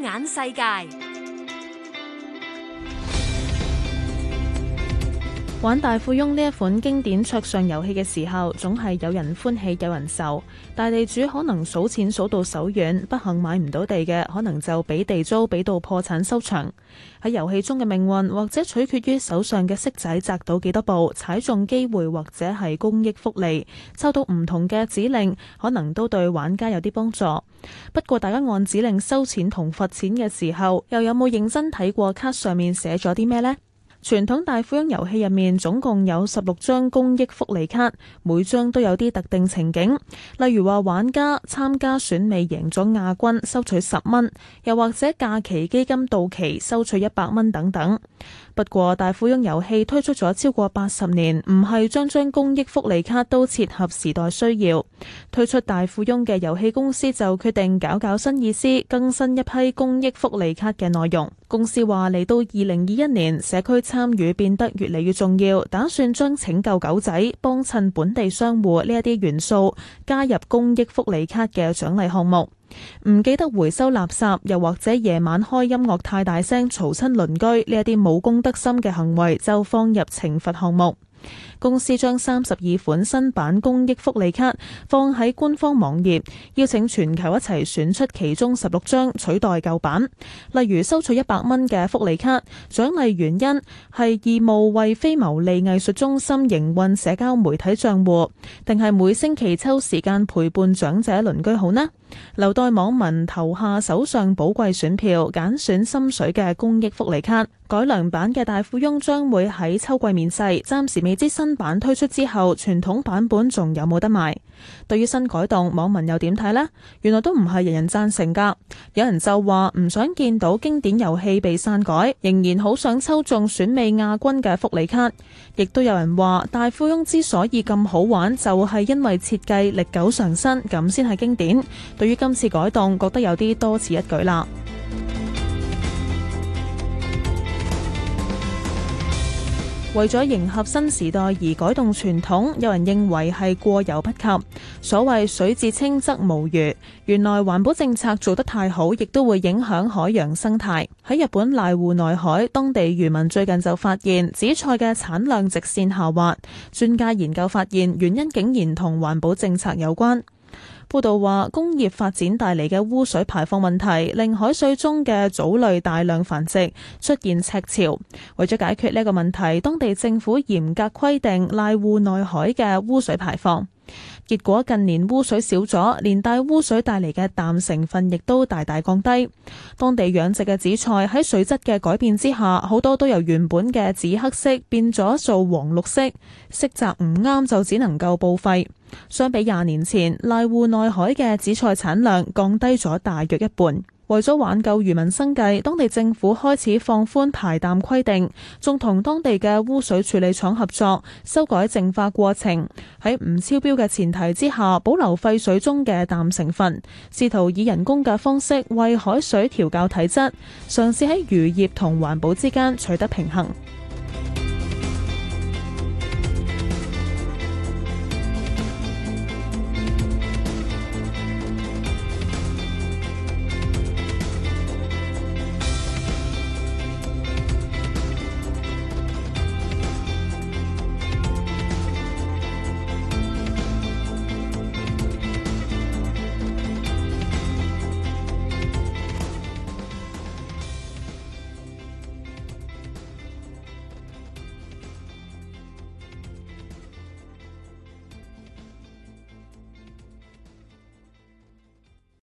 眼世界。玩大富翁呢一款經典桌上遊戲嘅時候，總係有人歡喜有人愁。大地主可能數錢數到手軟，不幸買唔到地嘅，可能就俾地租俾到破產收場。喺遊戲中嘅命運，或者取決於手上嘅骰仔擲到幾多步，踩中機會或者係公益福利，收到唔同嘅指令，可能都對玩家有啲幫助。不過大家按指令收錢同罰錢嘅時候，又有冇認真睇過卡上面寫咗啲咩咧？傳統大富翁遊戲入面總共有十六張公益福利卡，每張都有啲特定情景，例如話玩家參加選美贏咗亞軍收取十蚊，又或者假期基金到期收取一百蚊等等。不過大富翁遊戲推出咗超過八十年，唔係張張公益福利卡都切合時代需要。推出大富翁嘅遊戲公司就決定搞搞新意思，更新一批公益福利卡嘅內容。公司話嚟到二零二一年社區參與變得越嚟越重要，打算將拯救狗仔、幫襯本地商戶呢一啲元素加入公益福利卡嘅獎勵項目。唔記得回收垃圾，又或者夜晚開音樂太大聲嘈親鄰居呢一啲冇公德心嘅行為，就放入懲罰項目。公司將三十二款新版公益福利卡放喺官方網頁，邀請全球一齊選出其中十六張取代舊版。例如收取一百蚊嘅福利卡，獎勵原因係義務為非牟利藝術中心營運社交媒體賬戶，定係每星期抽時間陪伴長者鄰居好呢？留待網民投下手上寶貴選票，揀選心水嘅公益福利卡。改良版嘅大富翁將會喺秋季面世，暫時未知新。版推出之後，傳統版本仲有冇得賣？對於新改動，網民又點睇呢？原來都唔係人人贊成噶。有人就話唔想見到經典遊戲被刪改，仍然好想抽中選美亞軍嘅福利卡。亦都有人話大富翁之所以咁好玩，就係因為設計歷久常新，咁先係經典。對於今次改動，覺得有啲多此一舉啦。為咗迎合新時代而改動傳統，有人認為係過猶不及。所謂水至清則無魚，原來環保政策做得太好，亦都會影響海洋生態。喺日本瀨戶內海，當地漁民最近就發現紫菜嘅產量直線下滑。專家研究發現，原因竟然同環保政策有關。報道話，工業發展帶嚟嘅污水排放問題，令海水中嘅藻類大量繁殖，出現赤潮。為咗解決呢一個問題，當地政府嚴格規定瀨戶內海嘅污水排放。結果近年污水少咗，連帶污水帶嚟嘅氮成分亦都大大降低。當地養殖嘅紫菜喺水質嘅改變之下，好多都由原本嘅紫黑色變咗做黃綠色，色澤唔啱就只能夠報廢。相比廿年前瀨戶內海嘅紫菜產量降低咗大約一半，為咗挽救漁民生計，當地政府開始放寬排氮規定，仲同當地嘅污水處理廠合作，修改淨化過程，喺唔超標嘅前提之下保留廢水中嘅氮成分，試圖以人工嘅方式為海水調校體質，嘗試喺漁業同環保之間取得平衡。